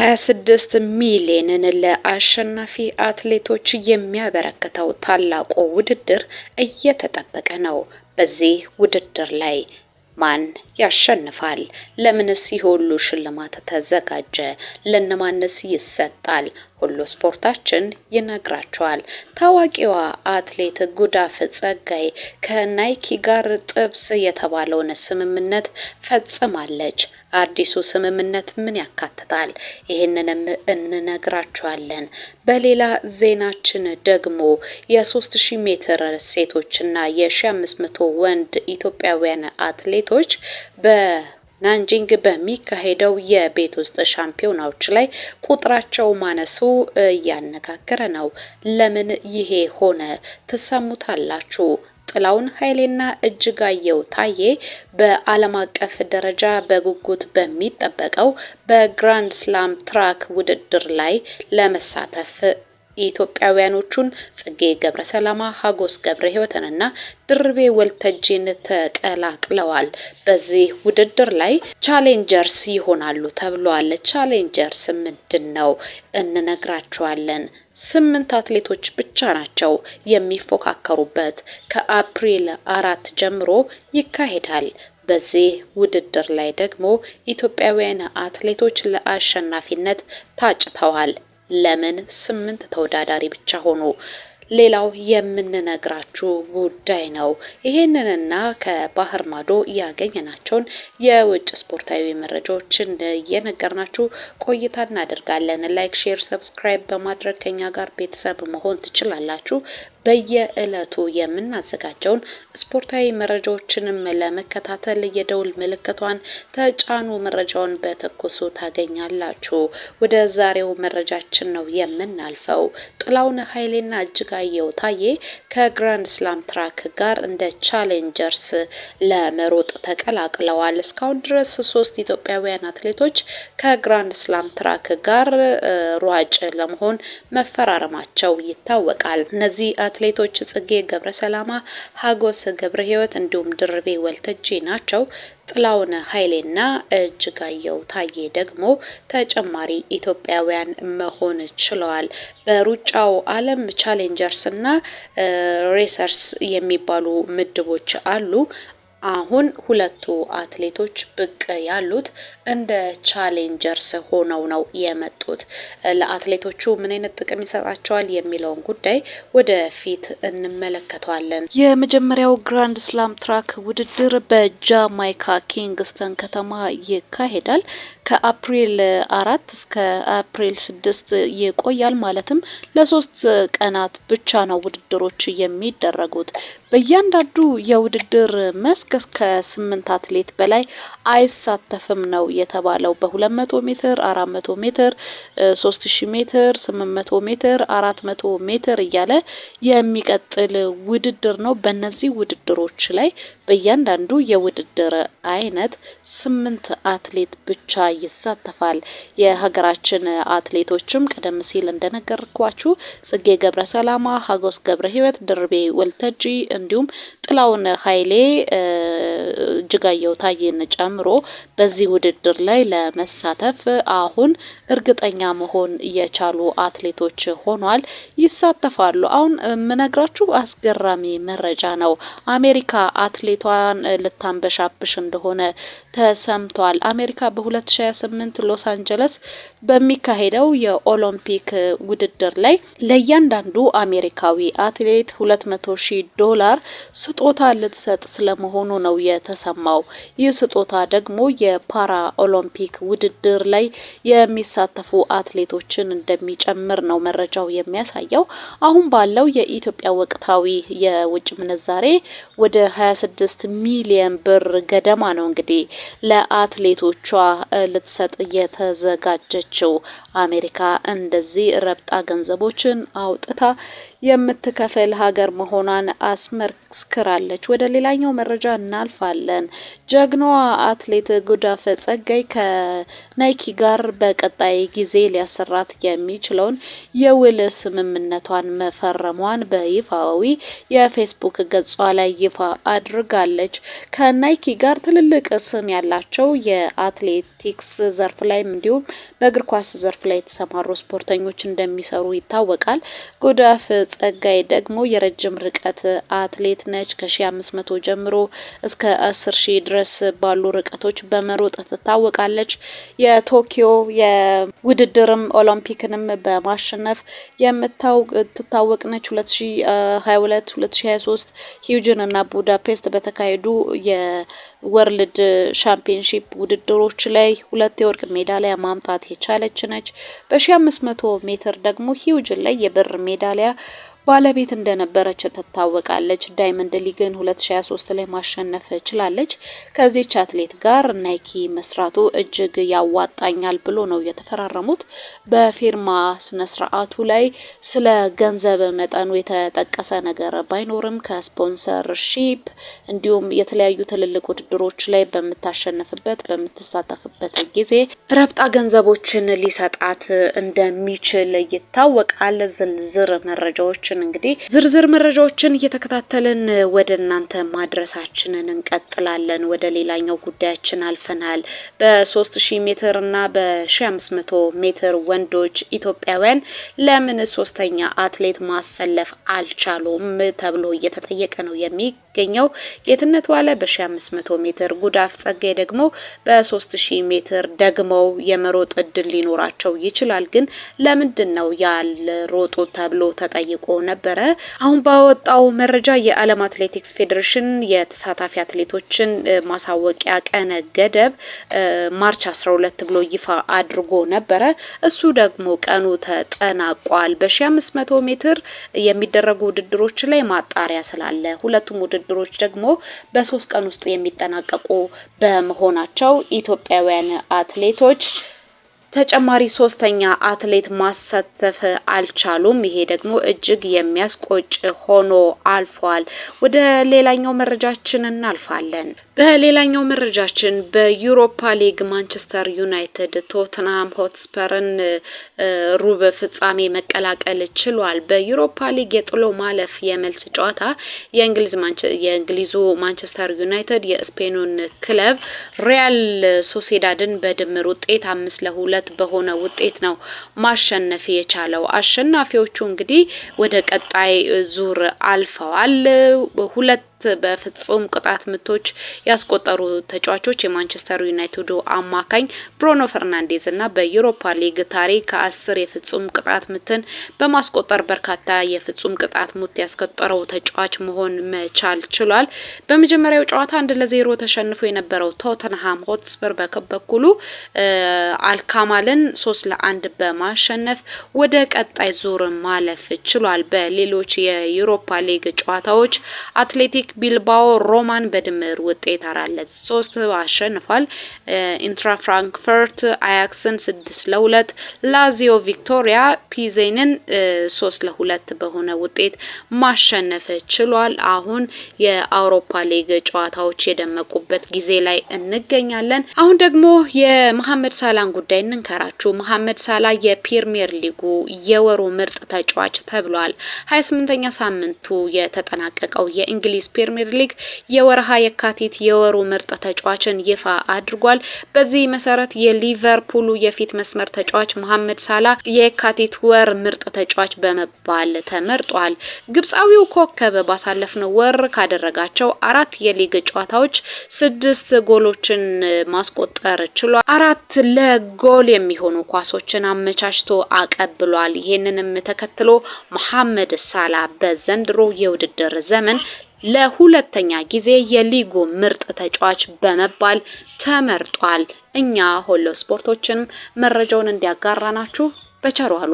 26 ሚሊዮንን ለአሸናፊ አትሌቶች የሚያበረክተው ታላቁ ውድድር እየተጠበቀ ነው። በዚህ ውድድር ላይ ማን ያሸንፋል? ለምንስ የሁሉ ሽልማት ተዘጋጀ? ለነማንስ ይሰጣል? ሁሉ ስፖርታችን ይነግራቸዋል። ታዋቂዋ አትሌት ጉዳፍ ጸጋይ ከናይኪ ጋር ጥብስ የተባለውን ስምምነት ፈጽማለች። አዲሱ ስምምነት ምን ያካትታል? ይህንንም እንነግራችኋለን። በሌላ ዜናችን ደግሞ የ3000 ሜትር ሴቶችና የ1500 ወንድ ኢትዮጵያውያን አትሌቶች በ ናንጂንግ በሚካሄደው የቤት ውስጥ ሻምፒዮናዎች ላይ ቁጥራቸው ማነሱ እያነጋገረ ነው። ለምን ይሄ ሆነ? ትሰሙታላችሁ። ጥላውን ኃይሌና እጅጋየሁ ታዬ በዓለም አቀፍ ደረጃ በጉጉት በሚጠበቀው በግራንድ ስላም ትራክ ውድድር ላይ ለመሳተፍ የኢትዮጵያውያኖቹን ጽጌ ገብረ ሰላማ፣ ሀጎስ ገብረ ህይወትንና ድርቤ ወልተጂን ተቀላቅለዋል። በዚህ ውድድር ላይ ቻሌንጀርስ ይሆናሉ ተብሏል። ቻሌንጀርስ ምንድን ነው? እንነግራችኋለን። ስምንት አትሌቶች ብቻ ናቸው የሚፎካከሩበት። ከአፕሪል አራት ጀምሮ ይካሄዳል። በዚህ ውድድር ላይ ደግሞ ኢትዮጵያውያን አትሌቶች ለአሸናፊነት ታጭተዋል። ለምን ስምንት ተወዳዳሪ ብቻ ሆኑ? ሌላው የምንነግራችሁ ጉዳይ ነው። ይህንንና ከባህር ማዶ ያገኘናቸውን የውጭ ስፖርታዊ መረጃዎችን እየነገርናችሁ ቆይታ እናደርጋለን። ላይክ፣ ሼር፣ ሰብስክራይብ በማድረግ ከኛ ጋር ቤተሰብ መሆን ትችላላችሁ። በየዕለቱ የምናዘጋጀውን ስፖርታዊ መረጃዎችንም ለመከታተል የደውል ምልክቷን ተጫኑ። መረጃውን በትኩሱ ታገኛላችሁ። ወደ ዛሬው መረጃችን ነው የምናልፈው። ጥላውን ኃይሌና እጅጋየሁ ታዬ ከግራንድ ስላም ትራክ ጋር እንደ ቻሌንጀርስ ለመሮጥ ተቀላቅለዋል። እስካሁን ድረስ ሶስት ኢትዮጵያውያን አትሌቶች ከግራንድ ስላም ትራክ ጋር ሯጭ ለመሆን መፈራረማቸው ይታወቃል። እነዚህ አትሌቶች ጽጌ ገብረ ሰላማ፣ ሀጎስ ገብረ ህይወት እንዲሁም ድርቤ ወልተጂ ናቸው። ጥላውን ኃይሌና እጅጋየው ታዬ ደግሞ ተጨማሪ ኢትዮጵያውያን መሆን ችለዋል። በሩጫው ዓለም ቻሌንጀርስና ሬሰርስ የሚባሉ ምድቦች አሉ። አሁን ሁለቱ አትሌቶች ብቅ ያሉት እንደ ቻሌንጀርስ ሆነው ነው የመጡት። ለአትሌቶቹ ምን አይነት ጥቅም ይሰጣቸዋል የሚለውን ጉዳይ ወደፊት እንመለከተዋለን። የመጀመሪያው ግራንድ ስላም ትራክ ውድድር በጃማይካ ኪንግስተን ከተማ ይካሄዳል። ከአፕሪል አራት እስከ አፕሪል ስድስት ይቆያል። ማለትም ለሶስት ቀናት ብቻ ነው ውድድሮች የሚደረጉት። በእያንዳንዱ የውድድር መስክ እስከ ስምንት አትሌት በላይ አይሳተፍም ነው የተባለው። በ200 ሜትር፣ 400 ሜትር፣ 3000 ሜትር፣ 800 ሜትር፣ 400 ሜትር እያለ የሚቀጥል ውድድር ነው። በእነዚህ ውድድሮች ላይ በእያንዳንዱ የውድድር አይነት ስምንት አትሌት ብቻ ይሳተፋል። የሀገራችን አትሌቶችም ቀደም ሲል እንደነገርኳችሁ ጽጌ ገብረ ሰላማ፣ ሀጎስ ገብረ ህይወት፣ ድርቤ ወልተጂ እንዲሁም ጥላውን ኃይሌ እጅጋየሁ ታዬን ጨምሮ በዚህ ውድድር ላይ ለመሳተፍ አሁን እርግጠኛ መሆን የቻሉ አትሌቶች ሆኗል። ይሳተፋሉ። አሁን የምነግራችሁ አስገራሚ መረጃ ነው። አሜሪካ አትሌቷን ልታንበሻብሽ እንደሆነ ተሰምቷል። አሜሪካ በ2028 ሎስ አንጀለስ በሚካሄደው የኦሎምፒክ ውድድር ላይ ለእያንዳንዱ አሜሪካዊ አትሌት 200 ሺህ ዶላር ስጦታ ልትሰጥ ስለመሆኑ መሆኑ ነው የተሰማው። ይህ ስጦታ ደግሞ የፓራ ኦሎምፒክ ውድድር ላይ የሚሳተፉ አትሌቶችን እንደሚጨምር ነው መረጃው የሚያሳየው። አሁን ባለው የኢትዮጵያ ወቅታዊ የውጭ ምንዛሬ ወደ 26 ሚሊየን ብር ገደማ ነው እንግዲህ ለአትሌቶቿ ልትሰጥ የተዘጋጀችው አሜሪካ እንደዚህ ረብጣ ገንዘቦችን አውጥታ የምትከፍል ሀገር መሆኗን አስመስክራለች። ወደ ሌላኛው መረጃ እናልፋለን። ጀግናዋ አትሌት ጉዳፈ ጸጋይ ከናይኪ ጋር በቀጣይ ጊዜ ሊያሰራት የሚችለውን የውል ስምምነቷን መፈረሟን በይፋዊ የፌስቡክ ገጿ ላይ ይፋ አድርጋለች። ከናይኪ ጋር ትልልቅ ስም ያላቸው የአትሌቲክስ ዘርፍ ላይም እንዲሁም በእግር ኳስ ዘርፍ ላይ የተሰማሩ ስፖርተኞች እንደሚሰሩ ይታወቃል። ጉዳፍ ጸጋይ ደግሞ የረጅም ርቀት አትሌት ነች። ከ1500 ጀምሮ እስከ 10000 ድረስ ባሉ ርቀቶች በመሮጥ ትታወቃለች። የቶኪዮ የውድድርም ኦሎምፒክንም በማሸነፍ የምታውቅ ትታወቅ ነች። 2022 2023 ሂውጅን እና ቡዳፔስት በተካሄዱ የወርልድ ሻምፒዮንሺፕ ውድድሮች ላይ ሁለት የወርቅ ሜዳሊያ ማምጣት የቻለች ነች። በ1500 ሜትር ደግሞ ሂውጅን ላይ የብር ሜዳሊያ ባለቤት እንደነበረች ትታወቃለች። ዳይመንድ ሊግን 2023 ላይ ማሸነፍ ችላለች። ከዚች አትሌት ጋር ናይኪ መስራቱ እጅግ ያዋጣኛል ብሎ ነው የተፈራረሙት። በፊርማ ስነ ስርዓቱ ላይ ስለ ገንዘብ መጠኑ የተጠቀሰ ነገር ባይኖርም ከስፖንሰርሺፕ እንዲሁም የተለያዩ ትልልቅ ውድድሮች ላይ በምታሸንፍበት በምትሳተፍበት ጊዜ ረብጣ ገንዘቦችን ሊሰጣት እንደሚችል ይታወቃል። ዝርዝር መረጃዎች መረጃዎችን እንግዲህ ዝርዝር መረጃዎችን እየተከታተልን ወደ እናንተ ማድረሳችንን እንቀጥላለን። ወደ ሌላኛው ጉዳያችን አልፈናል። በ3000 ሜትር እና በ1500 ሜትር ወንዶች ኢትዮጵያውያን ለምን ሶስተኛ አትሌት ማሰለፍ አልቻሉም ተብሎ እየተጠየቀ ነው የሚ የምትገኘው ጌትነት ዋለ በ1500 ሜትር፣ ጉዳፍ ጸጋይ ደግሞ በ3000 ሜትር ደግመው የመሮጥ እድል ሊኖራቸው ይችላል። ግን ለምንድን ነው ያልሮጡ ተብሎ ተጠይቆ ነበረ። አሁን ባወጣው መረጃ የዓለም አትሌቲክስ ፌዴሬሽን የተሳታፊ አትሌቶችን ማሳወቂያ ቀነ ገደብ ማርች 12 ብሎ ይፋ አድርጎ ነበረ። እሱ ደግሞ ቀኑ ተጠናቋል። በ1500 ሜትር የሚደረጉ ውድድሮች ላይ ማጣሪያ ስላለ ሁለቱም ውድድሮች ድርድሮች ደግሞ በሶስት ቀን ውስጥ የሚጠናቀቁ በመሆናቸው ኢትዮጵያውያን አትሌቶች ተጨማሪ ሶስተኛ አትሌት ማሳተፍ አልቻሉም። ይሄ ደግሞ እጅግ የሚያስቆጭ ሆኖ አልፏል። ወደ ሌላኛው መረጃችን እናልፋለን። በሌላኛው መረጃችን በዩሮፓ ሊግ ማንቸስተር ዩናይትድ ቶትናም ሆትስፐርን ሩብ ፍጻሜ መቀላቀል ችሏል። በዩሮፓ ሊግ የጥሎ ማለፍ የመልስ ጨዋታ የእንግሊዙ ማንቸስተር ዩናይትድ የስፔኑን ክለብ ሪያል ሶሴዳድን በድምር ውጤት አምስት ለሁለት መሰረት በሆነ ውጤት ነው ማሸነፍ የቻለው። አሸናፊዎቹ እንግዲህ ወደ ቀጣይ ዙር አልፈዋል። ሁለት አራት በፍጹም ቅጣት ምቶች ያስቆጠሩ ተጫዋቾች የማንቸስተር ዩናይትዱ አማካኝ ብሩኖ ፈርናንዴዝ እና በዩሮፓ ሊግ ታሪክ ከአስር የፍጹም ቅጣት ምትን በማስቆጠር በርካታ የፍጹም ቅጣት ምት ያስቆጠረው ተጫዋች መሆን መቻል ችሏል። በመጀመሪያው ጨዋታ አንድ ለዜሮ ተሸንፎ የነበረው ቶተንሃም ሆትስፐር በበኩሉ አልካማልን ሶስት ለአንድ በማሸነፍ ወደ ቀጣይ ዙር ማለፍ ችሏል። በሌሎች የዩሮፓ ሊግ ጨዋታዎች አትሌቲክ ቢልባኦ ሮማን በድምር ውጤት አራለት ሶስት አሸንፏል። ኢንትራ ፍራንክፈርት አያክስን ስድስት ለሁለት ላዚዮ ቪክቶሪያ ፒዜንን ሶስት ለሁለት በሆነ ውጤት ማሸነፍ ችሏል። አሁን የአውሮፓ ሊግ ጨዋታዎች የደመቁበት ጊዜ ላይ እንገኛለን። አሁን ደግሞ የመሐመድ ሳላን ጉዳይ እንንከራችሁ። መሐመድ ሳላ የፕሪሚየር ሊጉ የወሩ ምርጥ ተጫዋች ተብሏል። 28ኛ ሳምንቱ የተጠናቀቀው የእንግሊዝ ፕሪሚየር ሊግ የወርሃ የካቲት የወሩ ምርጥ ተጫዋችን ይፋ አድርጓል። በዚህ መሰረት የሊቨርፑሉ የፊት መስመር ተጫዋች መሐመድ ሳላ የካቲት ወር ምርጥ ተጫዋች በመባል ተመርጧል። ግብፃዊው ኮከብ ባሳለፍነው ወር ካደረጋቸው አራት የሊግ ጨዋታዎች ስድስት ጎሎችን ማስቆጠር ችሏል። አራት ለጎል የሚሆኑ ኳሶችን አመቻችቶ አቀብሏል። ይህንንም ተከትሎ መሐመድ ሳላ በዘንድሮ የውድድር ዘመን ለሁለተኛ ጊዜ የሊጉ ምርጥ ተጫዋች በመባል ተመርጧል። እኛ ሆሎ ስፖርቶችንም መረጃውን እንዲያጋራናችሁ በቸር ዋሉ።